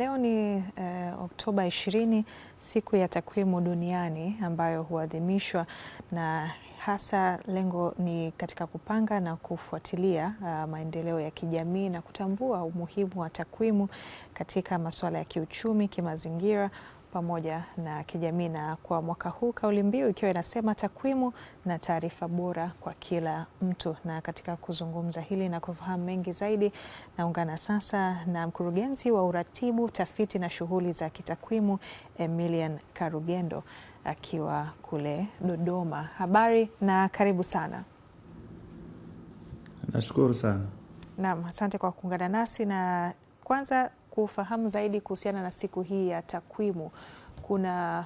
Leo ni uh, Oktoba 20, siku ya takwimu duniani ambayo huadhimishwa na hasa lengo ni katika kupanga na kufuatilia uh, maendeleo ya kijamii na kutambua umuhimu wa takwimu katika masuala ya kiuchumi, kimazingira pamoja na kijamii, na kwa mwaka huu kauli mbiu ikiwa inasema takwimu na taarifa bora kwa kila mtu. Na katika kuzungumza hili na kufahamu mengi zaidi, naungana sasa na mkurugenzi wa uratibu, tafiti na shughuli za kitakwimu Emilian Karugendo akiwa kule Dodoma. Habari na karibu sana. Nashukuru sana. Naam, asante kwa kuungana nasi na kwanza kufahamu zaidi kuhusiana na siku hii ya takwimu, kuna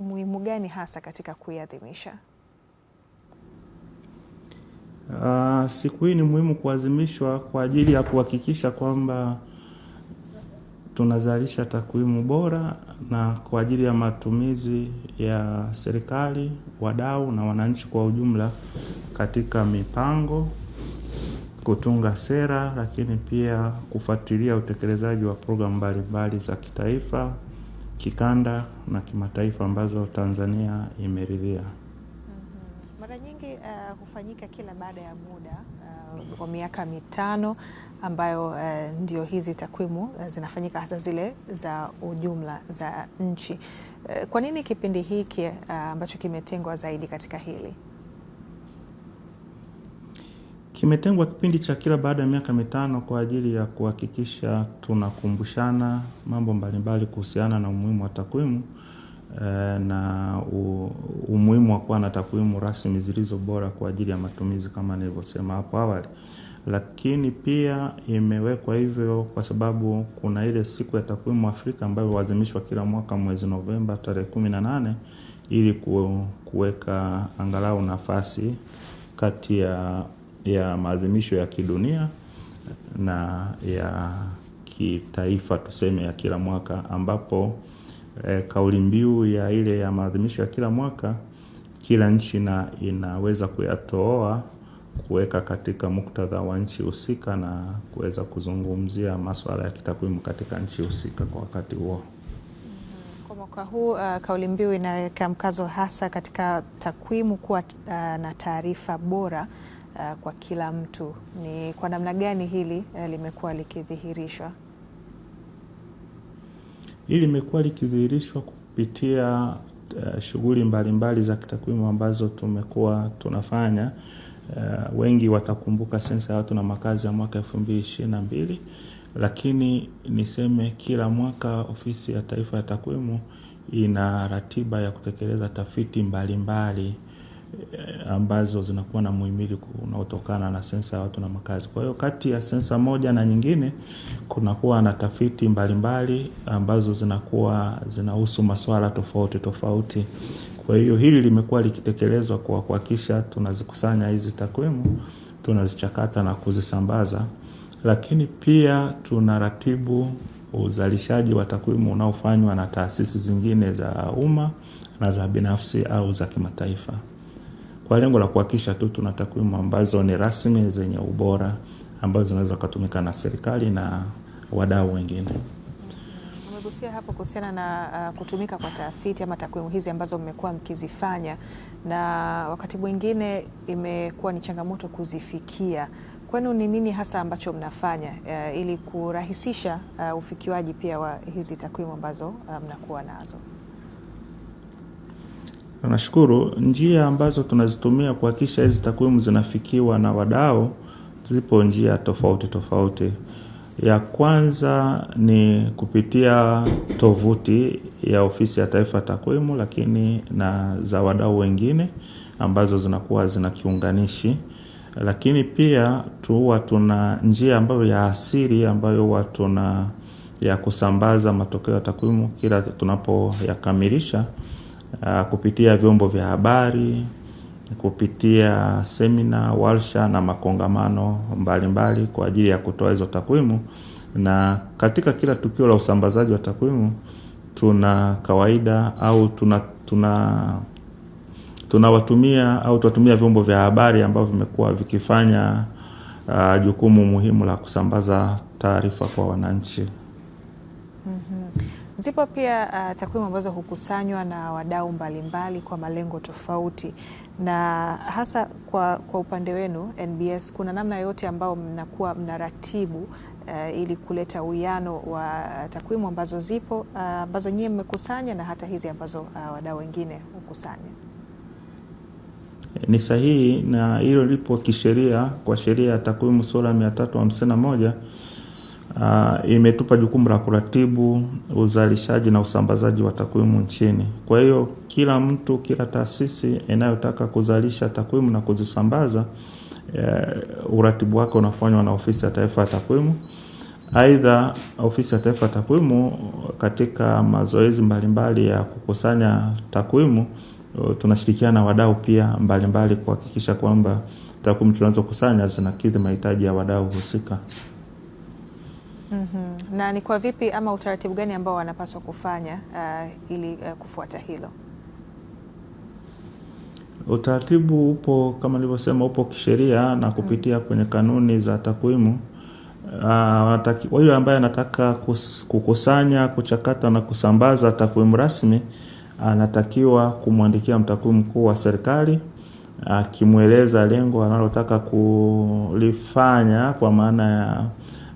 uh, muhimu gani hasa katika kuiadhimisha? Uh, siku hii ni muhimu kuadhimishwa kwa ajili ya kuhakikisha kwamba tunazalisha takwimu bora na kwa ajili ya matumizi ya serikali, wadau na wananchi kwa ujumla katika mipango kutunga sera, lakini pia kufuatilia utekelezaji wa programu mbalimbali za kitaifa, kikanda na kimataifa ambazo Tanzania imeridhia. Mm-hmm. Mara nyingi uh, hufanyika kila baada ya muda uh, wa miaka mitano ambayo uh, ndio hizi takwimu uh, zinafanyika hasa zile za ujumla za nchi. Uh, kwa nini kipindi hiki uh, ambacho kimetengwa zaidi katika hili? Kimetengwa kipindi cha kila baada ya miaka mitano kwa ajili ya kuhakikisha tunakumbushana mambo mbalimbali kuhusiana na umuhimu wa takwimu eh, na umuhimu wa kuwa na takwimu rasmi zilizo bora kwa ajili ya matumizi kama nilivyosema hapo awali. Lakini pia imewekwa hivyo kwa sababu kuna ile siku ya takwimu Afrika ambayo huadhimishwa kila mwaka mwezi Novemba tarehe kumi na nane ili kuweka angalau nafasi kati ya ya maadhimisho ya kidunia na ya kitaifa tuseme ya kila mwaka ambapo e, kauli mbiu ya ile ya maadhimisho ya kila mwaka kila nchi na inaweza kuyatooa kuweka katika muktadha wa nchi husika na kuweza kuzungumzia masuala ya kitakwimu katika nchi husika kwa wakati huo. Mm-hmm. Kwa mwaka huu uh, kauli mbiu inaweka mkazo hasa katika takwimu kuwa uh, na taarifa bora uh, kwa kila mtu. Ni kwa namna gani hili uh, limekuwa likidhihirishwa? Hili limekuwa likidhihirishwa kupitia uh, shughuli mbalimbali za kitakwimu ambazo tumekuwa tunafanya. Uh, wengi watakumbuka sensa ya watu na makazi ya mwaka 2022 lakini niseme kila mwaka Ofisi ya Taifa ya Takwimu ina ratiba ya kutekeleza tafiti mbalimbali mbali Eh, ambazo zinakuwa na muhimili unaotokana na sensa ya watu na makazi. Kwa hiyo kati ya sensa moja na nyingine kunakuwa na tafiti mbalimbali ambazo zinakuwa zinahusu masuala tofauti tofauti. Kwa hiyo hili limekuwa likitekelezwa kwa kuhakikisha tunazikusanya hizi takwimu, tunazichakata na kuzisambaza, lakini pia tunaratibu uzalishaji wa takwimu unaofanywa na taasisi zingine za umma na za binafsi au za kimataifa kwa lengo la kuhakikisha tu tuna takwimu ambazo ni rasmi zenye ubora ambazo zinaweza kutumika na serikali na wadau wengine. Umegusia hapo kuhusiana na uh, kutumika kwa tafiti ama takwimu hizi ambazo mmekuwa mkizifanya, na wakati mwingine imekuwa ni changamoto kuzifikia. Kwenu ni nini hasa ambacho mnafanya uh, ili kurahisisha uh, ufikiwaji pia wa hizi takwimu ambazo uh, mnakuwa nazo? Nashukuru, njia ambazo tunazitumia kuhakikisha hizi takwimu zinafikiwa na wadau zipo njia tofauti tofauti. Ya kwanza ni kupitia tovuti ya Ofisi ya Taifa ya Takwimu, lakini na za wadau wengine ambazo zinakuwa zina kiunganishi. Lakini pia tuwa tuna njia ambayo ya asili ambayo huwa tuna ya kusambaza matokeo ya takwimu kila tunapoyakamilisha uh, kupitia vyombo vya habari, kupitia semina, warsha na makongamano mbalimbali mbali kwa ajili ya kutoa hizo takwimu. Na katika kila tukio la usambazaji wa takwimu tuna kawaida au tuna tuna tunawatumia au tunatumia vyombo vya habari ambavyo vimekuwa vikifanya uh, jukumu muhimu la kusambaza taarifa kwa wananchi. mm -hmm. Zipo pia uh, takwimu ambazo hukusanywa na wadau mbalimbali kwa malengo tofauti, na hasa kwa, kwa upande wenu NBS, kuna namna yoyote ambayo mnakuwa mnaratibu Uh, ili kuleta uwiano wa takwimu ambazo zipo uh, ambazo nyie mmekusanya na hata hizi ambazo uh, wadau wengine hukusanya. Ni sahihi na hilo lipo kisheria kwa sheria ya takwimu sura ya 351 uh, imetupa jukumu la kuratibu uzalishaji na usambazaji wa takwimu nchini. Kwa hiyo kila mtu, kila taasisi inayotaka kuzalisha takwimu na kuzisambaza uh, uratibu wake unafanywa na Ofisi ya Taifa ya Takwimu. Aidha, Ofisi ya Taifa ya Takwimu katika mazoezi mbalimbali ya kukusanya takwimu eh, tunashirikiana na wadau pia mbalimbali kuhakikisha kwamba takwimu tunazokusanya zinakidhi mahitaji ya wadau husika mm -hmm. Na ni kwa vipi ama utaratibu gani ambao wanapaswa kufanya uh, ili uh, kufuata hilo? Utaratibu upo kama nilivyosema, upo kisheria na mm-hmm. kupitia kwenye kanuni za takwimu Uh, yule ambaye anataka kukusanya, kuchakata na kusambaza takwimu rasmi anatakiwa uh, kumwandikia mtakwimu mkuu wa serikali akimweleza uh, lengo analotaka kulifanya kwa maana ya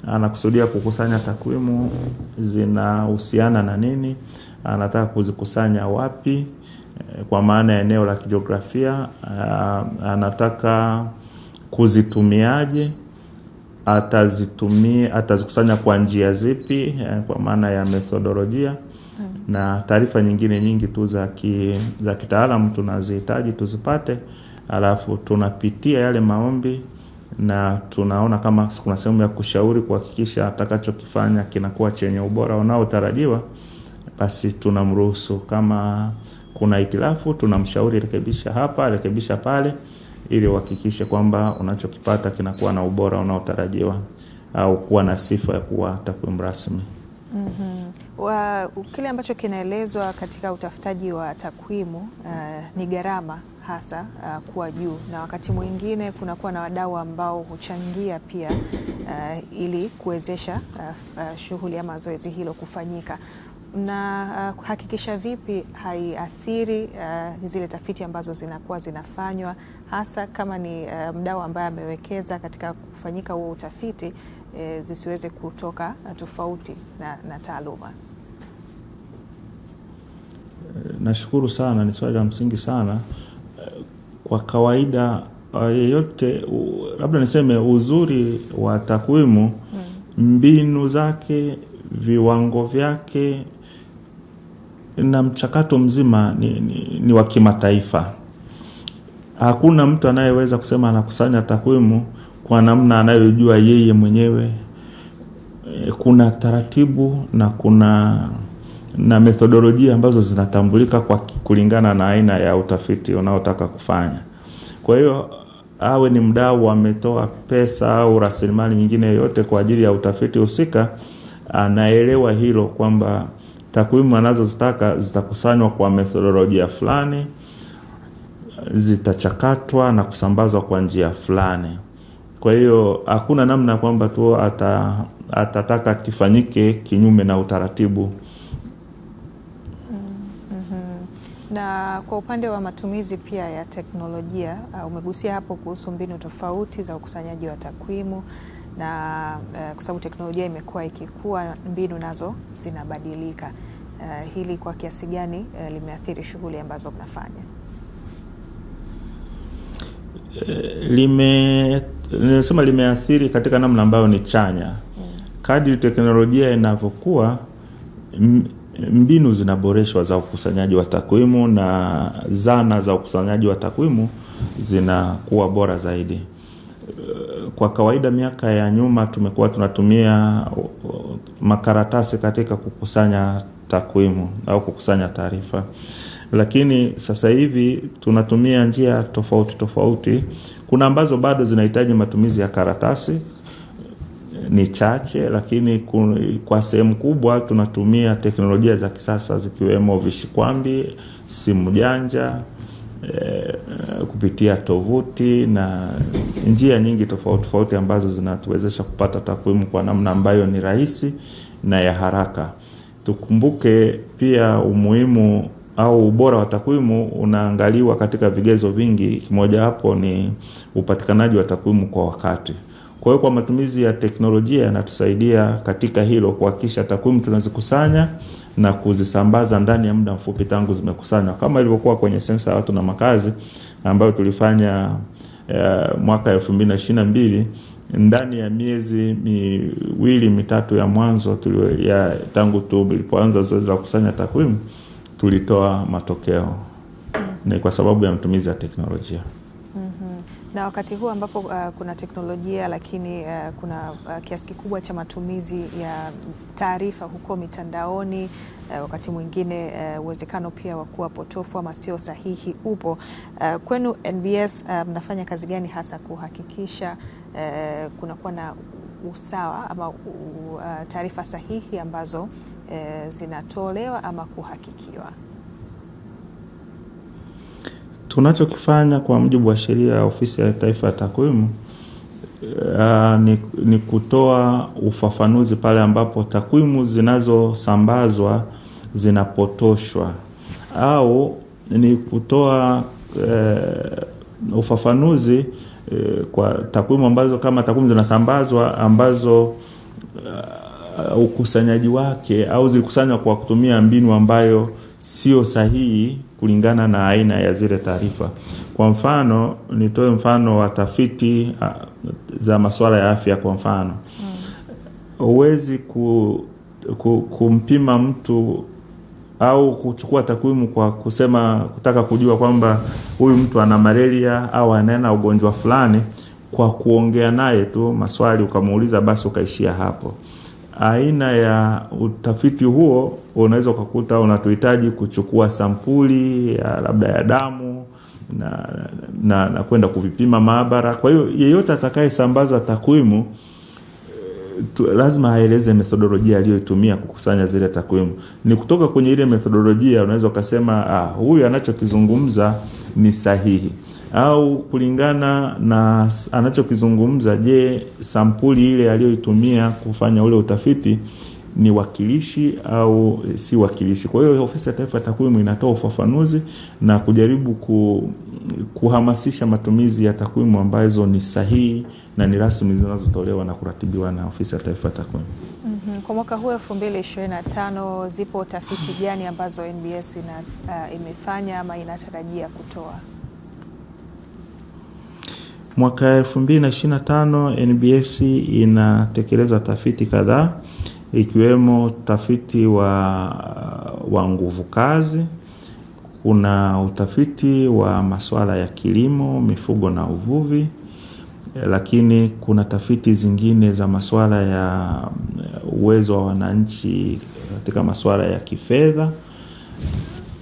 anakusudia kukusanya takwimu zinahusiana na nini, anataka kuzikusanya wapi, eh, kwa maana ya eneo la kijiografia, eh, anataka kuzitumiaje, atazitumia atazikusanya kwa njia zipi, eh, kwa maana ya methodolojia hmm. na taarifa nyingine nyingi tu za ki, za kitaalamu tunazihitaji tuzipate, alafu tunapitia yale maombi na tunaona kama kuna sehemu ya kushauri kuhakikisha atakachokifanya kinakuwa chenye ubora unaotarajiwa, basi tunamruhusu. Kama kuna itilafu, tunamshauri rekebisha hapa, rekebisha pale, ili uhakikishe kwamba unachokipata kinakuwa na ubora unaotarajiwa au kuwa na sifa ya kuwa takwimu rasmi. mm-hmm wa, kile ambacho kinaelezwa katika utafutaji wa takwimu uh, ni gharama hasa uh, kuwa juu na wakati mwingine kunakuwa na wadau ambao huchangia pia uh, ili kuwezesha uh, uh, shughuli ama zoezi hilo kufanyika na uh, hakikisha vipi haiathiri uh, zile tafiti ambazo zinakuwa zinafanywa hasa kama ni uh, mdau ambaye amewekeza katika kufanyika huo utafiti e, zisiweze kutoka na tofauti na, na taaluma. Nashukuru sana, ni swali la msingi sana. Kwa kawaida uh, yeyote, labda niseme uzuri wa takwimu hmm, mbinu zake, viwango vyake na mchakato mzima ni, ni, ni wa kimataifa. Hakuna mtu anayeweza kusema anakusanya takwimu kwa namna anayojua yeye mwenyewe. Eh, kuna taratibu na kuna na methodolojia ambazo zinatambulika kwa kulingana na aina ya utafiti unaotaka kufanya. Kwa hiyo awe ni mdau ametoa pesa au rasilimali nyingine yoyote kwa ajili ya utafiti husika, anaelewa hilo kwamba takwimu anazozitaka zitakusanywa kwa methodolojia fulani, zitachakatwa na kusambazwa kwa njia fulani. Kwa hiyo hakuna namna kwamba tu ata, atataka kifanyike kinyume na utaratibu mm-hmm. na kwa upande wa matumizi pia ya teknolojia uh, umegusia hapo kuhusu mbinu tofauti za ukusanyaji wa takwimu na uh, kwa sababu teknolojia imekuwa ikikua, mbinu nazo zinabadilika. Uh, hili kwa kiasi gani uh, limeathiri shughuli ambazo mnafanya? Eh, lime nimesema limeathiri katika namna ambayo ni chanya. Kadri teknolojia inavyokuwa, mbinu zinaboreshwa za ukusanyaji wa takwimu na zana za ukusanyaji wa takwimu zinakuwa bora zaidi. Kwa kawaida, miaka ya nyuma tumekuwa tunatumia makaratasi katika kukusanya takwimu au kukusanya taarifa lakini sasa hivi tunatumia njia tofauti tofauti. Kuna ambazo bado zinahitaji matumizi ya karatasi ni chache, lakini kwa sehemu kubwa tunatumia teknolojia za kisasa zikiwemo vishikwambi, simu janja e, kupitia tovuti na njia nyingi tofauti tofauti ambazo zinatuwezesha kupata takwimu kwa namna ambayo ni rahisi na ya haraka. Tukumbuke pia umuhimu au ubora wa takwimu unaangaliwa katika vigezo vingi, kimojawapo ni upatikanaji wa takwimu kwa wakati. Kwa hiyo kwa matumizi ya teknolojia yanatusaidia katika hilo, kuhakikisha takwimu tunazikusanya na kuzisambaza ndani ya muda mfupi tangu zimekusanywa, kama ilivyokuwa kwenye sensa ya watu na makazi ambayo tulifanya uh, mwaka 2022 ndani ya miezi miwili mitatu ya mwanzo tulio ya tangu tu tulipoanza zoezi la kukusanya takwimu tulitoa matokeo ni kwa sababu ya matumizi ya teknolojia mm-hmm. na wakati huu ambapo uh, kuna teknolojia lakini uh, kuna uh, kiasi kikubwa cha matumizi ya taarifa huko mitandaoni uh, wakati mwingine uh, uwezekano uh, pia wa kuwa potofu ama sio sahihi upo. Uh, kwenu NBS uh, mnafanya kazi gani hasa kuhakikisha uh, kunakuwa na usawa ama uh, taarifa sahihi ambazo e, zinatolewa ama kuhakikiwa. Tunachokifanya kwa mujibu wa sheria ya Ofisi ya Taifa ya Takwimu Uh, ni, ni kutoa ufafanuzi pale ambapo takwimu zinazosambazwa zinapotoshwa au ni kutoa uh, ufafanuzi uh, kwa takwimu ambazo kama takwimu zinasambazwa ambazo uh, uh, ukusanyaji wake au zilikusanywa kwa kutumia mbinu ambayo sio sahihi kulingana na aina ya zile taarifa. Kwa mfano, nitoe mfano wa tafiti uh, za masuala ya afya kwa mfano mm. huwezi ku, ku, kumpima mtu au kuchukua takwimu kwa kusema kutaka kujua kwamba huyu mtu ana malaria au anaena ugonjwa fulani kwa kuongea naye tu maswali ukamuuliza, basi ukaishia hapo aina ya utafiti huo unaweza ukakuta unatuhitaji kuchukua sampuli ya labda ya damu na, na, na, na kwenda kuvipima maabara. Kwa hiyo yeyote atakayesambaza takwimu tu, lazima aeleze methodolojia aliyoitumia kukusanya zile takwimu. Ni kutoka kwenye ile methodolojia unaweza ukasema, ah, huyu anachokizungumza ni sahihi au kulingana na anachokizungumza. Je, sampuli ile aliyoitumia kufanya ule utafiti ni wakilishi au si wakilishi? Kwa hiyo Ofisi ya Taifa ya Takwimu inatoa ufafanuzi na kujaribu ku kuhamasisha matumizi ya takwimu ambazo ni sahihi na ni rasmi zinazotolewa na kuratibiwa na Ofisi ya Taifa ya Takwimu. mm -hmm. Kwa mwaka huu 2025 zipo tafiti gani ambazo NBS ina, uh, imefanya ama inatarajia kutoa? Mwaka 2025 NBS inatekeleza tafiti kadhaa ikiwemo tafiti wa, wa nguvu kazi kuna utafiti wa masuala ya kilimo, mifugo na uvuvi, eh, lakini kuna tafiti zingine za masuala ya eh, uwezo wa wananchi katika masuala ya kifedha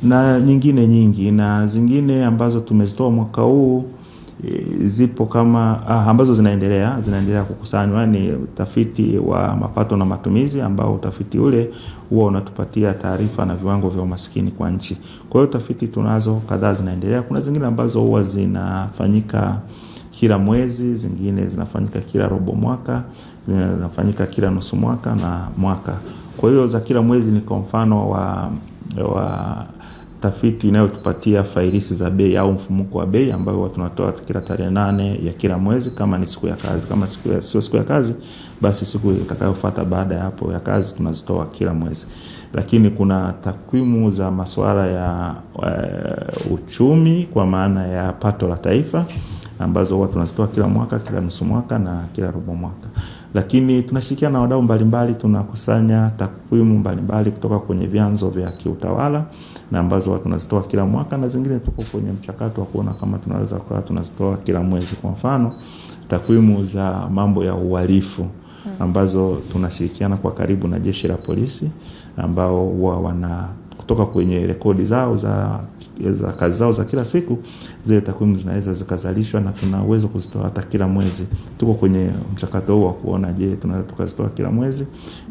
na nyingine nyingi na zingine ambazo tumezitoa mwaka huu Eh, zipo kama ah, ambazo zinaendelea zinaendelea kukusanywa. Ni utafiti wa mapato na matumizi, ambao utafiti ule huwa unatupatia taarifa na viwango vya umaskini kwa nchi. Kwa hiyo tafiti tunazo kadhaa zinaendelea. Kuna zingine ambazo huwa zinafanyika kila mwezi, zingine zinafanyika kila robo mwaka, zinafanyika kila nusu mwaka na mwaka. Kwa hiyo za kila mwezi ni kwa mfano wa, wa tafiti inayotupatia fairisi za bei au mfumuko wa bei ambayo huwa tunatoa kila tarehe nane ya kila mwezi kama ni siku ya kazi. Kama siku ya, sio siku ya kazi, basi siku itakayofuata baada ya hapo ya kazi tunazitoa kila mwezi. Lakini kuna takwimu za masuala ya uh, uchumi kwa maana ya pato la taifa ambazo huwa tunazitoa kila mwaka, kila nusu mwaka na kila robo mwaka lakini tunashirikiana na wadau mbalimbali, tunakusanya takwimu mbalimbali kutoka kwenye vyanzo vya kiutawala na ambazo tunazitoa kila mwaka na zingine tuko kwenye mchakato wa kuona kama tunaweza kuwa tunazitoa kila mwezi. Kwa mfano, takwimu za mambo ya uhalifu hmm. ambazo tunashirikiana kwa karibu na jeshi la polisi ambao huwa wana kutoka kwenye rekodi zao za za kazi zao za kila siku, zile takwimu zinaweza zikazalishwa na tuna uwezo kuzitoa hata kila mwezi. Tuko kwenye mchakato huu wa kuona, je, tunaweza tukazitoa kila mwezi,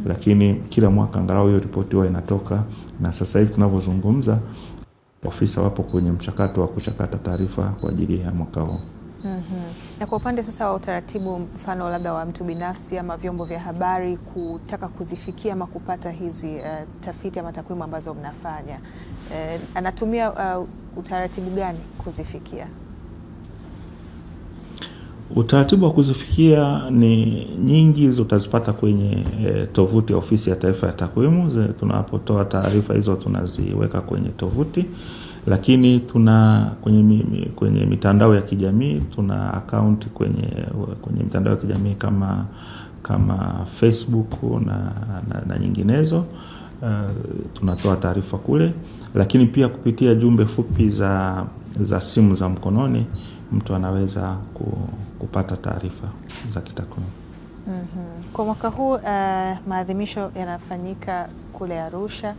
lakini kila mwaka angalau hiyo ripoti huwa inatoka, na sasa hivi tunavyozungumza, ofisa wapo kwenye mchakato wa kuchakata taarifa kwa ajili ya mwaka huu. Mm -hmm. Na kwa upande sasa wa utaratibu, mfano labda wa mtu binafsi ama vyombo vya habari kutaka kuzifikia ama kupata hizi uh, tafiti ama takwimu ambazo mnafanya uh, anatumia uh, utaratibu gani kuzifikia? Utaratibu wa kuzifikia ni nyingi, hizo utazipata kwenye eh, tovuti ya Ofisi ya Taifa ya Takwimu. Tunapotoa taarifa hizo tunaziweka kwenye tovuti lakini tuna kwenye, kwenye mitandao ya kijamii tuna akaunti kwenye, kwenye mitandao ya kijamii kama, kama Facebook na, na, na nyinginezo. Uh, tunatoa taarifa kule, lakini pia kupitia jumbe fupi za, za simu za mkononi mtu anaweza kupata taarifa za kitakwimu. mm -hmm. Kwa mwaka huu uh, maadhimisho yanafanyika kule Arusha.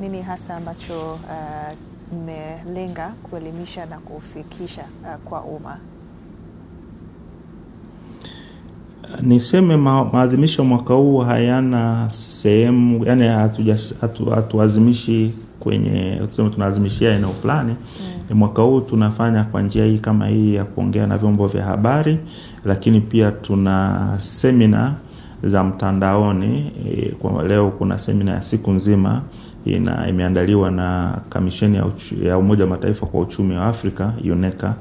Nini hasa ambacho uh, mmelenga kuelimisha na kufikisha uh, kwa umma? Niseme ma, maadhimisho mwaka huu hayana sehemu, yani hatuazimishi hatu, kwenye tuseme tunaazimishia eneo fulani mm. Mwaka huu tunafanya kwa njia hii kama hii ya kuongea na vyombo vya habari, lakini pia tuna semina za mtandaoni e, kwa leo kuna semina ya siku nzima ina imeandaliwa na kamisheni ya, uchu, ya Umoja wa Mataifa kwa uchumi wa Afrika UNECA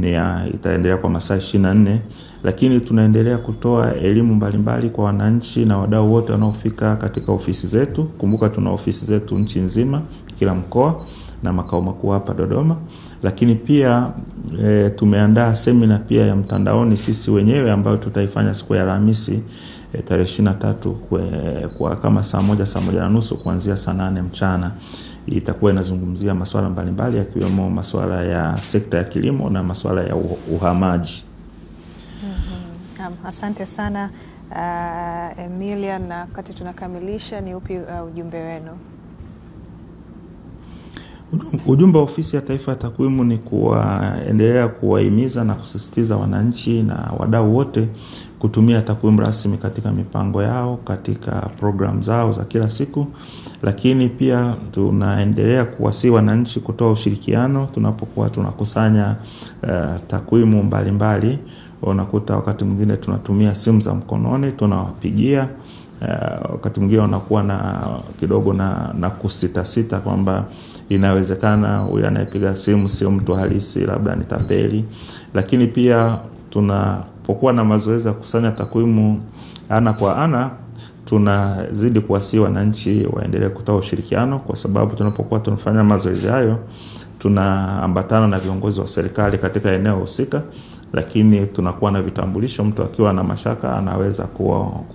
ni ya, itaendelea kwa masaa 24, lakini tunaendelea kutoa elimu mbalimbali kwa wananchi na wadau wote wanaofika katika ofisi zetu. Kumbuka tuna ofisi zetu nchi nzima, kila mkoa na makao makuu hapa Dodoma, lakini pia e, tumeandaa semina pia ya mtandaoni sisi wenyewe ambayo tutaifanya siku ya Alhamisi e, tarehe ishirini na tatu kwa kama saa moja saa moja na nusu kuanzia saa nane mchana itakuwa inazungumzia masuala mbalimbali yakiwemo masuala ya sekta ya kilimo na masuala ya uhamaji. mm -hmm. Asante sana uh, Emilia, na wakati tunakamilisha, ni upi uh, ujumbe wenu? Ujumbe wa Ofisi ya Taifa ya Takwimu ni kuwaendelea kuwahimiza na kusisitiza wananchi na wadau wote kutumia takwimu rasmi katika mipango yao, katika programu zao za kila siku, lakini pia tunaendelea kuwasii wananchi kutoa ushirikiano tunapokuwa tunakusanya uh, takwimu mbalimbali. Unakuta wakati mwingine tunatumia simu za mkononi tunawapigia Uh, wakati mwingine wanakuwa na kidogo na, na kusitasita kwamba inawezekana huyu anayepiga simu sio mtu halisi, labda ni tapeli. Lakini pia tunapokuwa na mazoezi ya kukusanya takwimu ana kwa ana tunazidi kuwasii wananchi waendelee kutoa ushirikiano, kwa sababu tunapokuwa tunafanya mazoezi hayo tunaambatana na viongozi wa serikali katika eneo husika, lakini tunakuwa na vitambulisho. Mtu akiwa na mashaka anaweza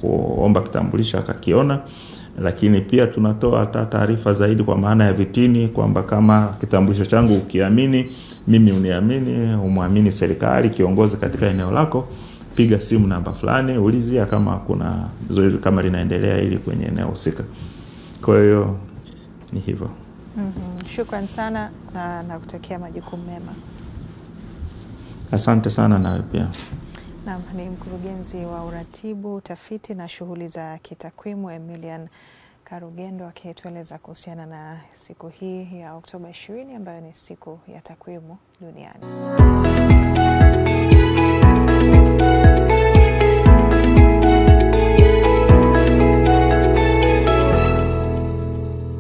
kuomba kitambulisho akakiona lakini pia tunatoa hata taarifa zaidi kwa maana ya vitini kwamba kama kitambulisho changu ukiamini mimi uniamini umwamini serikali kiongozi katika eneo lako piga simu namba fulani ulizia kama kuna zoezi kama linaendelea ili kwenye eneo husika kwa hiyo ni hivyo mm-hmm. shukran sana na nakutakia majukumu mema asante sana nawe pia Naam, ni mkurugenzi wa uratibu, utafiti na shughuli za kitakwimu Emilian Karugendo akitueleza kuhusiana na siku hii ya Oktoba 20 ambayo ni siku ya takwimu duniani.